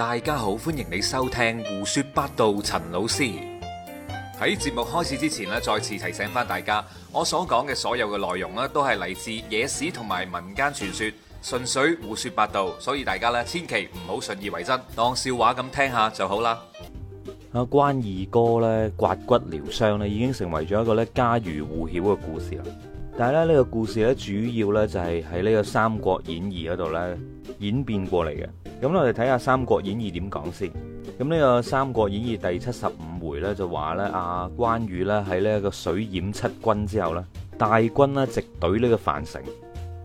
大家好，歡迎你收聽胡說八道。陳老師喺節目開始之前咧再次提醒翻大家，我所講嘅所有嘅內容咧都係嚟自野史同埋民間傳說，純粹胡說八道，所以大家咧千祈唔好信以為真，當笑話咁聽下就好啦。啊，關二哥咧刮骨療傷咧已經成為咗一個咧家喻戶曉嘅故事啦。但係咧呢個故事咧主要咧就係喺呢個三國演義嗰度咧演變過嚟嘅，咁我哋睇下《三國演義》點講先。咁呢個《三國演義》第七十五回呢，就話呢，阿關羽呢，喺呢個水淹七軍之後呢，大軍呢，直隊呢個樊城，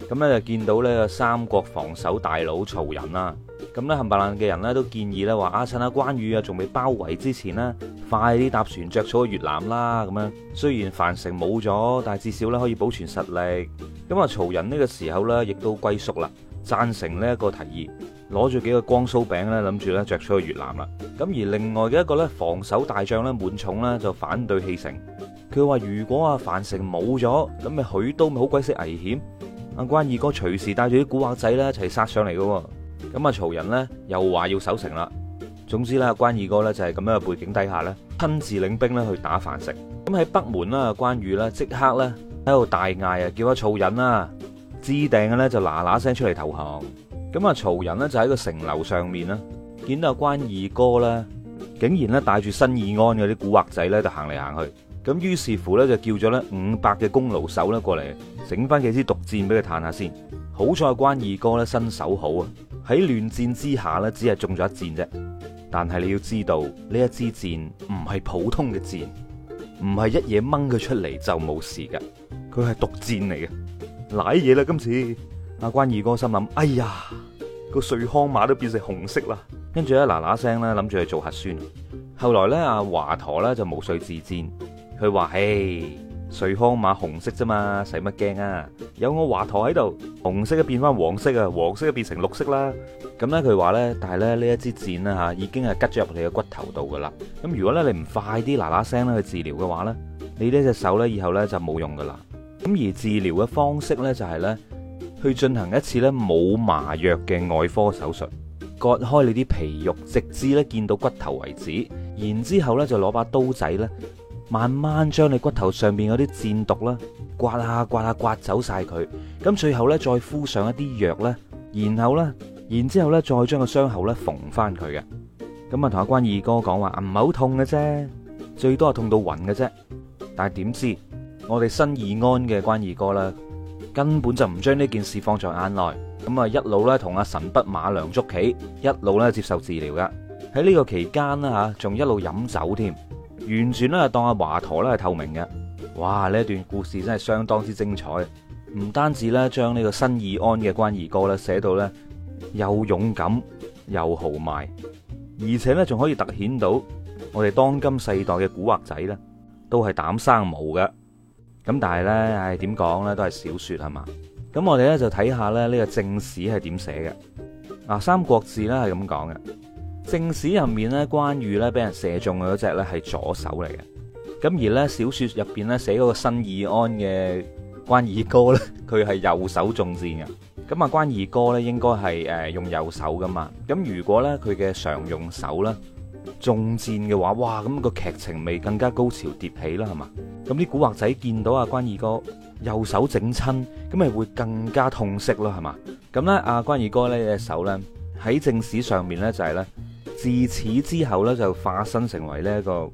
咁咧就見到呢個三國防守大佬曹仁啦。咁咧冚唪唥嘅人呢，人都建議呢話：阿趁阿關羽啊仲未包圍之前呢，快啲搭船着草去越南啦。咁樣雖然樊城冇咗，但係至少咧可以保存實力。咁啊，曹仁呢個時候呢，亦都龜縮啦。贊成呢一個提議，攞住幾個光酥餅咧，諗住咧著出去越南啦。咁而另外嘅一個咧防守大將咧滿重呢就反對棄城。佢話如果阿樊城冇咗，咁咪許都咪好鬼死危險。阿關二哥隨時帶住啲蠱惑仔咧一齊殺上嚟喎。咁阿曹仁呢又話要守城啦。總之咧，關二哥咧就係咁樣嘅背景底下咧，親自領兵咧去打樊城。咁喺北門啦，關羽呢即刻咧喺度大嗌啊，叫阿曹仁啦。制定嘅咧就嗱嗱聲出嚟投降，咁啊曹仁呢就喺個城樓上面啦，見到阿關二哥咧竟然咧帶住新義安嗰啲古惑仔咧就行嚟行去，咁於是乎咧就叫咗咧五百嘅弓弩手咧過嚟整翻幾支毒箭俾佢彈下先，好彩啊關二哥咧身手好啊，喺亂箭之下咧只係中咗一箭啫，但係你要知道呢一支箭唔係普通嘅箭，唔係一嘢掹佢出嚟就冇事噶，佢係毒箭嚟嘅。瀨嘢啦！今次阿關二哥心諗，哎呀，個瑞康碼都變成紅色啦，跟住咧嗱嗱聲咧諗住去做核酸。後來咧阿華佗咧就無遂自薦，佢話，誒，瑞康碼紅色啫嘛，使乜驚啊？有我華佗喺度，紅色就變翻黃色啊，黃色就變成綠色啦。咁咧佢話咧，但係咧呢一支箭啦吓，已經係拮咗入你嘅骨頭度噶啦。咁如果咧你唔快啲嗱嗱聲咧去治療嘅話咧，你呢隻手咧以後咧就冇用噶啦。咁而治療嘅方式呢、就是，就係呢去進行一次呢冇麻藥嘅外科手術，割開你啲皮肉，直至呢見到骨頭為止。然之後呢就攞把刀仔呢，慢慢將你骨頭上面嗰啲箭毒啦，刮下、啊、刮下、啊刮，啊、刮走晒佢。咁最後呢，再敷上一啲藥呢，然後呢，然之後呢再將個傷口呢縫翻佢嘅。咁啊，同阿關二哥講話，唔係好痛嘅啫，最多係痛到暈嘅啫。但係點知？我哋新義安嘅關二哥啦，根本就唔將呢件事放在眼內，咁啊一路咧同阿神筆馬良捉棋，一路咧接受治療嘅。喺呢個期間啦吓，仲一路飲酒添，完全咧當阿華佗咧係透明嘅。哇！呢一段故事真係相當之精彩，唔單止咧將呢個新義安嘅關二哥咧寫到咧又勇敢又豪邁，而且咧仲可以凸顯到我哋當今世代嘅古惑仔咧都係膽生毛嘅。咁但係呢，唉點講呢？都係小說係嘛。咁我哋呢就睇下咧呢個正史係點寫嘅。《三國志》呢係咁講嘅，正史入面呢，關羽呢俾人射中嘅嗰隻呢係左手嚟嘅。咁而呢小說入邊呢，寫嗰個新義安嘅關二哥呢，佢係右手中箭嘅。咁啊關二哥呢應該係誒用右手噶嘛。咁如果呢，佢嘅常用手呢？中箭嘅話，哇咁、那個劇情咪更加高潮迭起啦，係嘛？咁啲古惑仔見到阿關二哥右手整親，咁咪會更加痛惜咯，係嘛？咁咧，阿關二哥呢隻手咧喺正史上面咧就係、是、咧自此之後咧就化身成為呢一個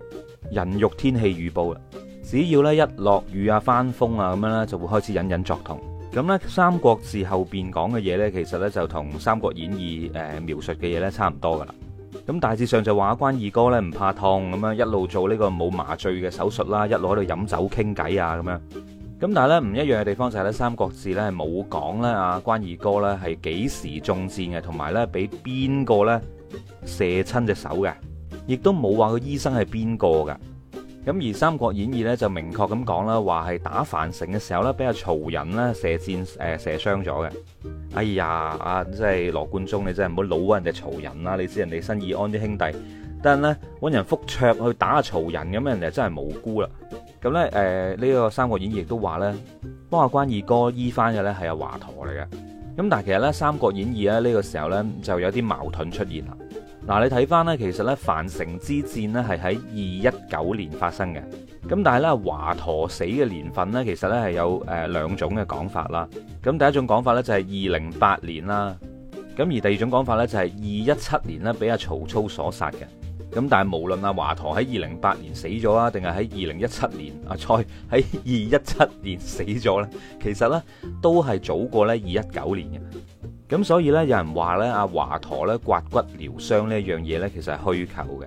人肉天氣預報啦，只要咧一落雨啊、翻風啊咁樣咧就會開始隱隱作痛。咁咧三國志後邊講嘅嘢咧，其實咧就同三國演義誒、呃、描述嘅嘢咧差唔多噶啦。咁大致上就話關二哥咧唔怕痛咁樣一路做呢個冇麻醉嘅手術啦，一路喺度飲酒傾偈啊咁樣。咁但係咧唔一樣嘅地方就係咧《三國志》咧係冇講咧啊關二哥咧係幾時中箭嘅，同埋咧俾邊個咧射親隻手嘅，亦都冇話個醫生係邊個噶。咁而三，哎呃這個三《三國演義》咧就明確咁講啦，話係打樊城嘅時候咧，俾阿曹仁射箭誒射傷咗嘅。哎呀，阿即係羅貫中，你真係唔好老屈人哋曹仁啦！你知人哋新義安啲兄弟，但係咧搵人覆卓去打阿曹仁咁，人哋真係無辜啦。咁咧誒呢個《三國演義》亦都話咧，幫阿關二哥醫翻嘅咧係阿華佗嚟嘅。咁但係其實咧《三國演義》咧呢個時候咧就有啲矛盾出現啦。嗱，你睇翻呢，其實呢，樊城之戰呢係喺二一九年發生嘅。咁但係呢，華佗死嘅年份呢，其實呢係有誒兩種嘅講法啦。咁第一種講法呢，就係二零八年啦。咁而第二種講法呢，就係二一七年呢，俾阿曹操所殺嘅。咁但係無論阿華佗喺二零八年死咗啊，定係喺二零一七年阿蔡喺二一七年死咗呢，其實呢，都係早過呢二一九年嘅。咁所以呢，有人話呢，阿華佗呢刮骨療傷呢一樣嘢呢，其實係虛構嘅。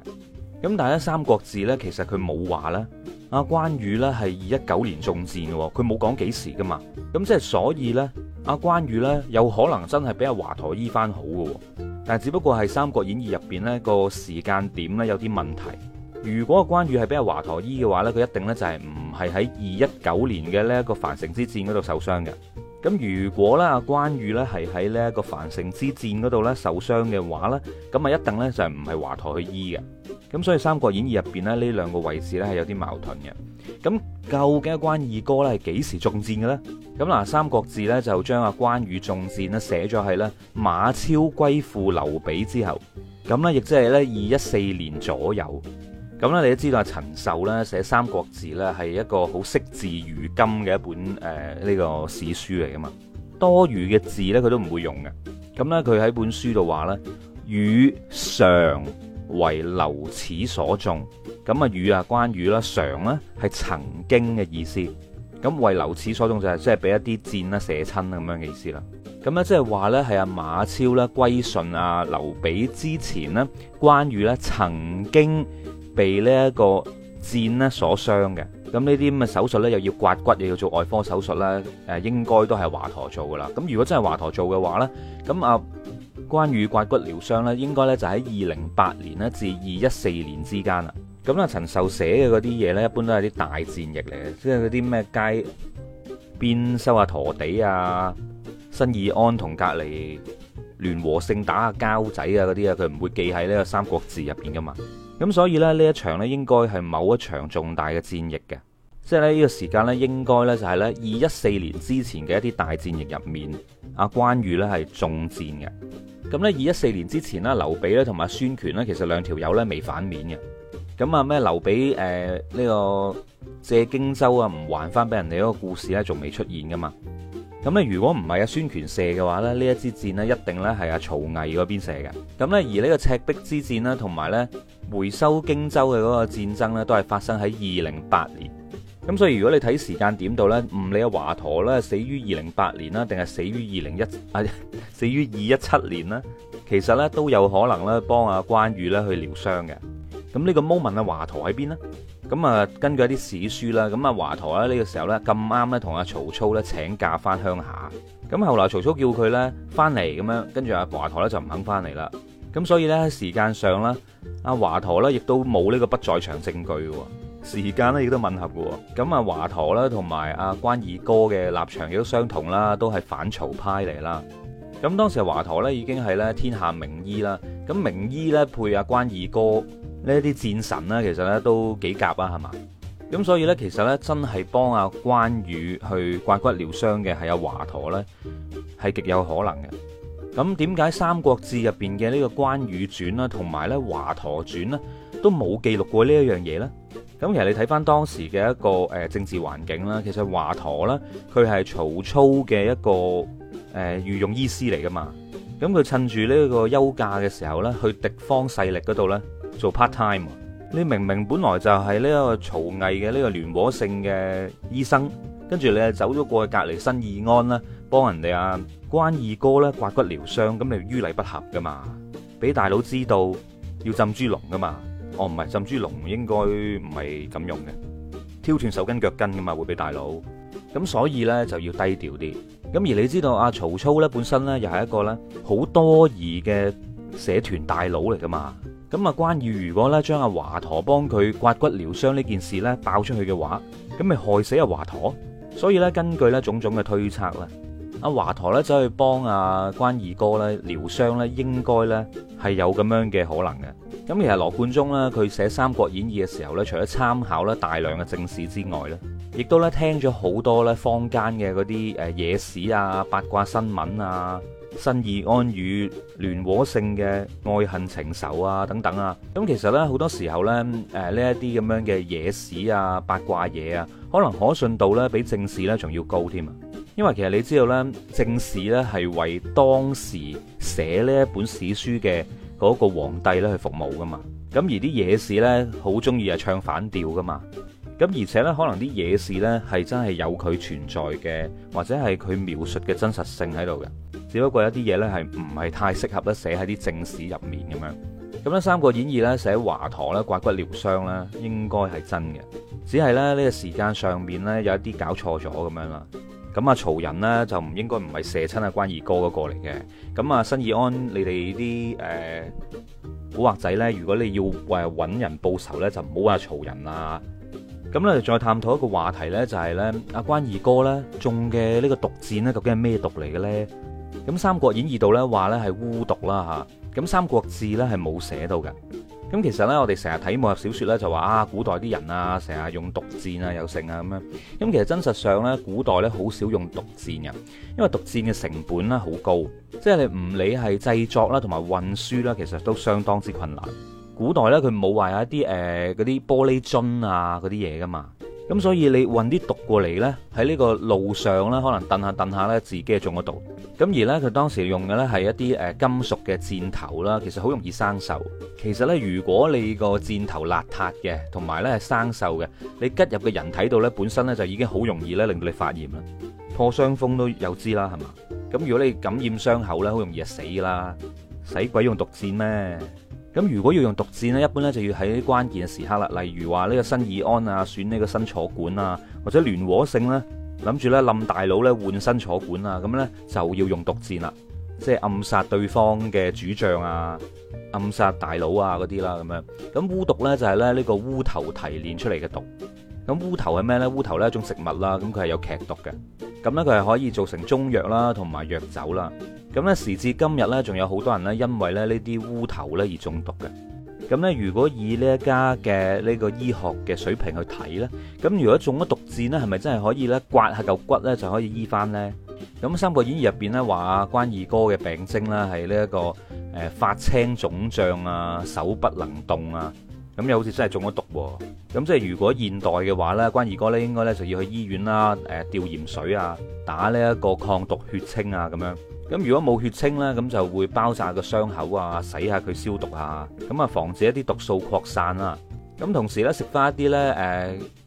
咁但係呢，《三國志》呢，其實佢冇話呢。阿關羽呢，係二一九年中箭嘅，佢冇講幾時噶嘛。咁即係所以呢，阿關羽呢，有可能真係俾阿華佗醫翻好嘅。但係只不過係《三國演義》入面呢個時間點呢，有啲問題。如果關羽係俾阿華佗醫嘅話呢，佢一定呢，就係唔係喺二一九年嘅呢一個樊城之戰嗰度受傷嘅。咁如果咧，阿關羽咧係喺呢一個樊城之戰嗰度咧受傷嘅話咧，咁啊一定咧就唔係華佗去醫嘅。咁所以三國演義入邊咧呢兩個位置咧係有啲矛盾嘅。咁究竟關二哥咧係幾時中箭嘅咧？咁嗱，《三國志》咧就將阿關羽中箭咧寫咗係咧馬超歸附劉備之後，咁咧亦即係咧二一四年左右。咁咧，你都知道阿陳壽咧寫《三國志》咧，係一個好惜字如金嘅一本誒呢、呃這個史書嚟噶嘛。多餘嘅字咧，佢都唔會用嘅。咁咧，佢喺本書度話咧，羽嘗為流矢所中。咁啊，羽啊關羽啦，嘗咧係曾經嘅意思。咁為流矢所中就係即係俾一啲箭啦射親咁樣嘅意思啦。咁咧即係話咧係阿馬超咧歸順啊、劉備之前咧，關羽咧曾經，被呢一個箭咧所傷嘅，咁呢啲咁嘅手術呢，又要刮骨，又要做外科手術咧，誒應該都係華佗做噶啦。咁如果真係華佗做嘅話呢，咁啊關羽刮骨療傷呢，應該呢就喺二零八年咧至二一四年之間啦。咁啦，陳壽寫嘅嗰啲嘢呢，一般都係啲大戰役嚟嘅，即係嗰啲咩街邊收下陀地啊、新義安同隔離聯和勝打下交仔啊嗰啲啊，佢唔會記喺呢個《三國志》入邊噶嘛。咁所以咧，呢一場呢應該係某一場重大嘅戰役嘅，即係咧，呢個時間呢應該呢就係呢二一四年之前嘅一啲大戰役入面，阿關羽呢係中箭嘅。咁呢二一四年之前咧，劉備同埋阿孫權其實兩條友呢未反面嘅。咁啊咩劉備呢個借荊州啊，唔還翻俾人哋嗰個故事呢仲未出現噶嘛。咁如果唔係阿孫權射嘅話呢，呢一支箭呢一定呢係阿曹魏嗰邊射嘅。咁呢，而呢個赤壁之戰同埋呢。回收荊州嘅嗰個戰爭呢都係發生喺二零八年。咁所以如果你睇時間點度呢？唔理阿華佗咧死於二零八年咧，定係死於二零一啊死於二一七年呢？其實呢，都有可能咧幫阿關羽咧去療傷嘅。咁呢個 moment 阿華佗喺邊呢？咁啊，根據一啲史書啦，咁啊華佗咧呢個時候呢，咁啱咧同阿曹操咧請假翻鄉下。咁後來曹操叫佢呢翻嚟咁樣，跟住阿華佗咧就唔肯翻嚟啦。咁所以呢，喺時間上咧，阿華佗呢亦都冇呢個不在場證據喎，時間咧亦都吻合嘅喎。咁啊，華佗呢，同埋阿關二哥嘅立場亦都相同啦，都係反曹派嚟啦。咁當時華佗呢已經係呢天下名醫啦，咁名醫呢配阿關二哥呢啲戰神呢，其實呢都幾夾啊，係嘛？咁所以呢，其實呢真係幫阿關羽去刮骨療傷嘅係阿華佗呢，係極有可能嘅。咁點解《三國志》入面嘅呢個關羽傳啦，同埋咧華佗傳咧，都冇記錄過呢一樣嘢咧？咁其實你睇翻當時嘅一個政治環境啦，其實華佗咧佢係曹操嘅一個誒御用醫師嚟噶嘛。咁佢趁住呢個休假嘅時候咧，去敵方勢力嗰度咧做 part time。你明明本來就係呢個曹魏嘅呢個聯合性嘅醫生。跟住你啊走咗過去隔籬新義安啦，幫人哋、啊、呀關二哥咧刮骨療傷，咁你於理不合噶嘛，俾大佬知道要浸豬籠噶嘛。哦唔係浸豬籠應該唔係咁用嘅，挑斷手筋腳筋噶嘛，會俾大佬。咁所以呢就要低調啲。咁而你知道阿、啊、曹操呢本身呢又係一個呢好多疑嘅社團大佬嚟噶嘛。咁啊關羽如果呢將阿華佗幫佢刮骨療傷呢件事呢爆出去嘅話，咁咪害死阿華佗？所以咧，根據咧種種嘅推測咧，阿華佗咧走去幫阿關二哥咧療傷咧，應該咧係有咁樣嘅可能嘅。咁其實羅貫中咧，佢寫《三國演義》嘅時候咧，除咗參考咧大量嘅正史之外咧，亦都咧聽咗好多咧坊間嘅嗰啲誒野史啊、八卦新聞啊。新義安與聯和性嘅愛恨情仇啊，等等啊，咁其實呢好多時候呢，誒呢一啲咁樣嘅野史啊、八卦嘢啊，可能可信度呢比正史呢仲要高添啊！因為其實你知道呢，正史呢係為當時寫呢一本史書嘅嗰個皇帝呢去服務噶嘛，咁而啲野史呢，好中意啊唱反調噶嘛，咁而且呢，可能啲野史呢係真係有佢存在嘅，或者係佢描述嘅真實性喺度嘅。只不過一啲嘢咧，係唔係太適合得寫喺啲正史入面咁樣咁咧，《三國演義》咧寫華佗咧刮骨療傷咧，應該係真嘅。只係咧呢個時間上面咧有一啲搞錯咗咁樣啦。咁啊曹仁咧就唔應該唔係射親阿關二哥嗰個嚟嘅。咁啊新義安，你哋啲誒古惑仔咧，如果你要誒揾人報仇咧，就唔好話曹仁啦。咁咧再探討一個話題咧，就係咧阿關二哥咧中嘅呢個毒箭咧，究竟係咩毒嚟嘅咧？咁《三國演義》度咧話咧係污毒啦嚇，咁《三國志》咧係冇寫到嘅。咁其實咧，我哋成日睇武俠小說咧就話啊，古代啲人啊，成日用毒箭啊又成啊咁樣。咁其實真實上咧，古代咧好少用毒箭嘅，因為毒箭嘅成本咧好高，即係你唔理係製作啦同埋運輸啦，其實都相當之困難。古代咧佢冇話有一啲誒嗰啲玻璃樽啊嗰啲嘢噶嘛。咁所以你運啲毒過嚟呢，喺呢個路上呢，可能蹬下蹬下呢，自己仲中咗毒。咁而呢，佢當時用嘅呢係一啲誒金屬嘅箭頭啦，其實好容易生鏽。其實呢，如果你個箭頭邋遢嘅，同埋呢係生鏽嘅，你吉入嘅人睇度人體度呢本身呢，就已經好容易呢令到你發炎啦。破傷風都有知啦，係嘛？咁如果你感染傷口呢，好容易就死啦。使鬼用毒箭咩？咁如果要用毒箭咧，一般咧就要喺關鍵嘅時刻啦，例如話呢個新義安啊，選呢個新坐館啊，或者聯和性咧，諗住咧冧大佬咧換新坐館啊，咁咧就要用毒箭啦，即係暗殺對方嘅主將啊，暗殺大佬啊嗰啲啦，咁樣。咁烏毒咧就係咧呢個烏頭提煉出嚟嘅毒，咁烏頭係咩咧？烏頭咧一種植物啦，咁佢係有劇毒嘅。咁呢，佢係可以做成中藥啦，同埋藥酒啦。咁呢，時至今日呢，仲有好多人呢，因為咧呢啲烏頭呢而中毒嘅。咁呢，如果以呢一家嘅呢個醫學嘅水平去睇呢，咁如果中咗毒箭呢，係咪真係可以呢？刮一下嚿骨呢，就可以醫翻呢。咁《三國演義》入邊呢，話啊關二哥嘅病徵啦，係呢一個誒發青腫脹啊，手不能動啊。咁又好似真係中咗毒喎，啊！咁即係如果現代嘅話呢，關二哥呢應該呢就要去醫院啦，誒吊鹽水啊，打呢一個抗毒血清啊咁樣。咁如果冇血清呢，咁就會包紮個傷口啊，洗下佢消毒下，咁啊防止一啲毒素擴散啦。咁同時呢，食翻一啲呢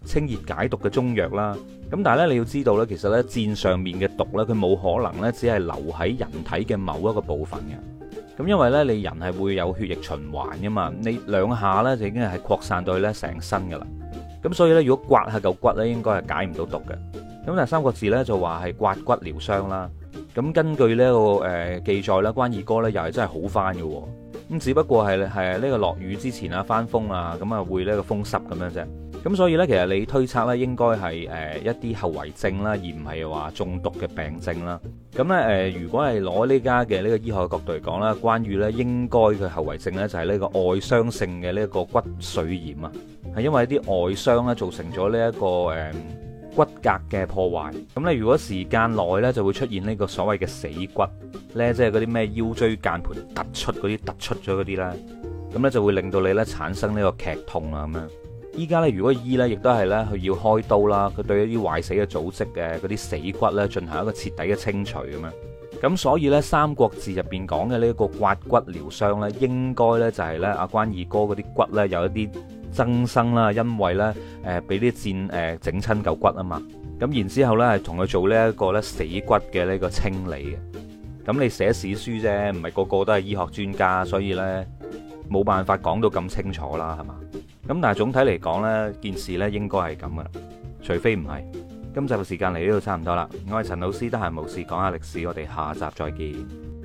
誒清熱解毒嘅中藥啦。咁但係呢，你要知道呢，其實呢，箭上面嘅毒呢，佢冇可能呢，只係留喺人體嘅某一個部分嘅。咁因為咧，你人係會有血液循環噶嘛，你兩下咧就已經係擴散到你咧成身噶啦。咁所以咧，如果刮下嚿骨咧，應該係解唔到毒嘅。咁第三個字咧就話係刮骨療傷啦。咁根據呢個誒記載咧，關二哥咧又係真係好翻嘅。咁只不過係呢個落雨之前啊，翻風啊，咁啊會呢個風濕咁樣啫。咁所以呢，其實你推測咧，應該係誒一啲後遺症啦，而唔係話中毒嘅病症啦。咁呢，誒，如果係攞呢家嘅呢個醫學角度嚟講咧，關二哥咧應該嘅後遺症呢，就係呢個外傷性嘅呢個骨髓炎啊，係因為一啲外傷咧造成咗呢一個誒骨骼嘅破壞。咁咧，如果時間耐呢，就會出現呢個所謂嘅死骨呢，即係嗰啲咩腰椎間盤突出嗰啲突出咗嗰啲呢。咁呢，就會令到你呢產生呢個劇痛啊咁樣。依家咧，如果醫咧，亦都係咧，佢要開刀啦。佢對一啲壞死嘅組織嘅嗰啲死骨咧，進行一個徹底嘅清除咁樣。咁所以咧，《三國志》入邊講嘅呢一個刮骨療傷咧，應該咧就係咧，阿關二哥嗰啲骨咧有一啲增生啦，因為咧誒俾啲箭誒整親嚿骨啊嘛。咁然之後咧，係同佢做呢一個咧死骨嘅呢個清理。咁你寫史書啫，唔係個個都係醫學專家，所以咧冇辦法講到咁清楚啦，係嘛？咁但係總體嚟講，呢件事呢應該係咁噶啦，除非唔係。今集嘅時間嚟呢度差唔多啦，我係陳老師，得閒無事講下歷史，我哋下集再見。